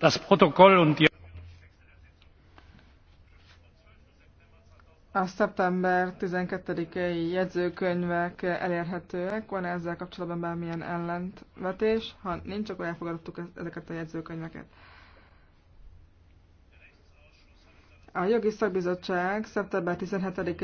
das protokoll und die A szeptember 12-i jegyzőkönyvek elérhetőek. Van -e ezzel kapcsolatban bármilyen ellentvetés? Ha nincs, akkor elfogadtuk e- ezeket a jegyzőkönyveket. A jogi szakbizottság szeptember 17-i